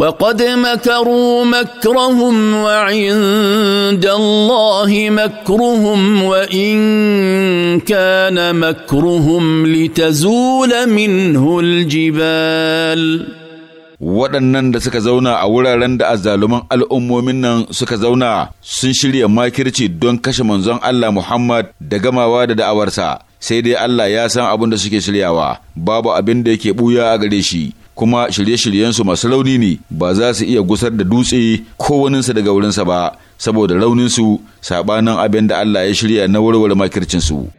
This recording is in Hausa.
وقد مكروا مكرهم وعند الله مكرهم وان كان مكرهم لتزول منه الجبال waɗannan da suka zauna a wuraren da azzaluman al'ummomin nan suka zauna sun shirya makirci don kashe manzon Allah Muhammad da gamawa da da'awarsa sai dai Allah ya san abin da suke shiryawa babu abin da yake ɓuya a gare shi kuma shirye-shiryensu masu rauni ne ba za su iya gusar da dutse ko waninsa daga wurinsa ba saboda rauninsu saɓanin abin da Allah ya shirya na warware makircinsu.